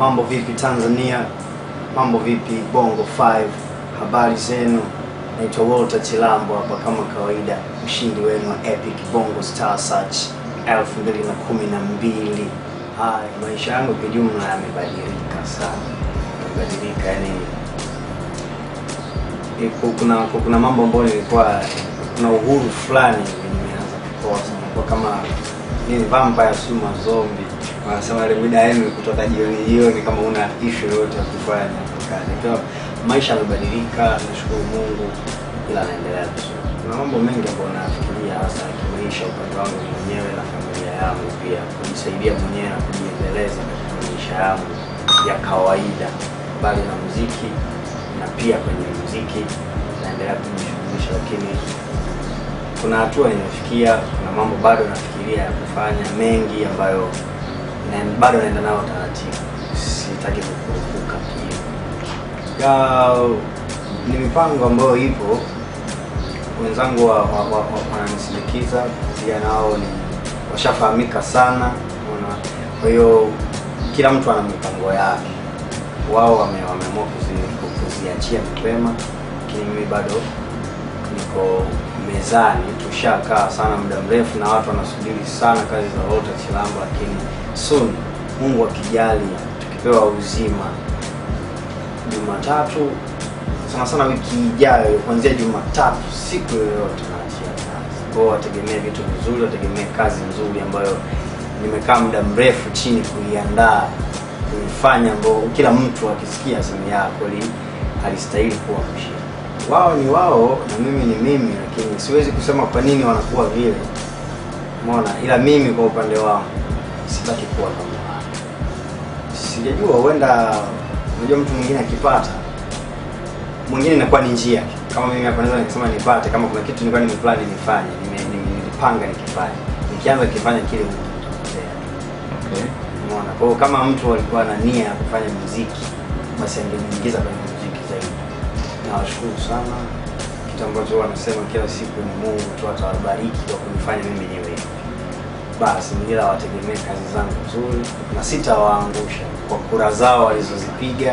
Mambo vipi Tanzania? Mambo vipi Bongo 5? Habari zenu, naitwa Walter Chilambo hapa kama kawaida, mshindi wenu wa Epic Bongo Star Search 2012. Haya, maisha yangu kwa jumla yamebadilika sana, yamebadilika yani kuna kuna mambo ambayo nilikuwa kuna uhuru fulani nimeanza kukosa, kama ni vampire sio mazombi wanasema ile muda yenu kutoka jioni hiyo ni kama una ishu yoyote ya kufanya kazi. Kwa maisha yamebadilika, nashukuru Mungu, ila naendelea vizuri. Kuna mambo mengi ambayo nafikiria hasa kimaisha, upande wangu mwenyewe na familia yangu, pia kujisaidia mwenyewe na kujiendeleza katika maisha yangu ya kawaida, bali na muziki na pia kwenye muziki naendelea kujishughulisha, lakini kuna hatua inafikia, kuna mambo bado nafikiria ya kufanya mengi ambayo bado naenda nao taratibu, sitaki kukurupuka. Ni mipango ambayo ipo, wenzangu wananisindikiza wa, pia nao ni washafahamika sana, kwa hiyo kila mtu ana mipango yake. Wao wameamua kuziachia mapema, lakini mimi bado niko mezani, tushakaa sana muda mrefu na watu wanasubiri sana kazi za Walter Chilambo, lakini soon, Mungu akijali, tukipewa uzima, Jumatatu sana sana wiki ijayo, kuanzia Jumatatu siku yoyote naachia kazi. Kwa hiyo wategemee vitu vizuri, wategemee kazi nzuri ambayo nimekaa muda mrefu chini kuiandaa kuifanya, ambao kila mtu akisikia sema yako alistahili kuwa mshindi wao ni wao na mimi ni mimi, lakini siwezi kusema kwa nini wanakuwa vile, umeona. Ila mimi kwa upande wao sitaki kuwa kama wao, sijajua, huenda unajua, mtu mwingine akipata mwingine inakuwa ni njia. Kama mimi hapa naweza nikasema nipate, kama kuna kitu nilikuwa nimeplani nifanye, nimepanga nikifanye, nikianza kifanya kile Okay, Kwa kama mtu alikuwa na nia ya kufanya muziki, basi angeniingiza kwenye nawashukuru sana. Kitu ambacho wanasema kila siku ni Mungu tu atawabariki kwa kunifanya mimi niwe basi, ila wategemee kazi zangu nzuri na sitawaangusha kwa kura zao walizozipiga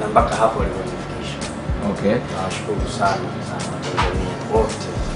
na mpaka hapo waliponifikisha. Okay, nawashukuru sana sana Watanzania wote.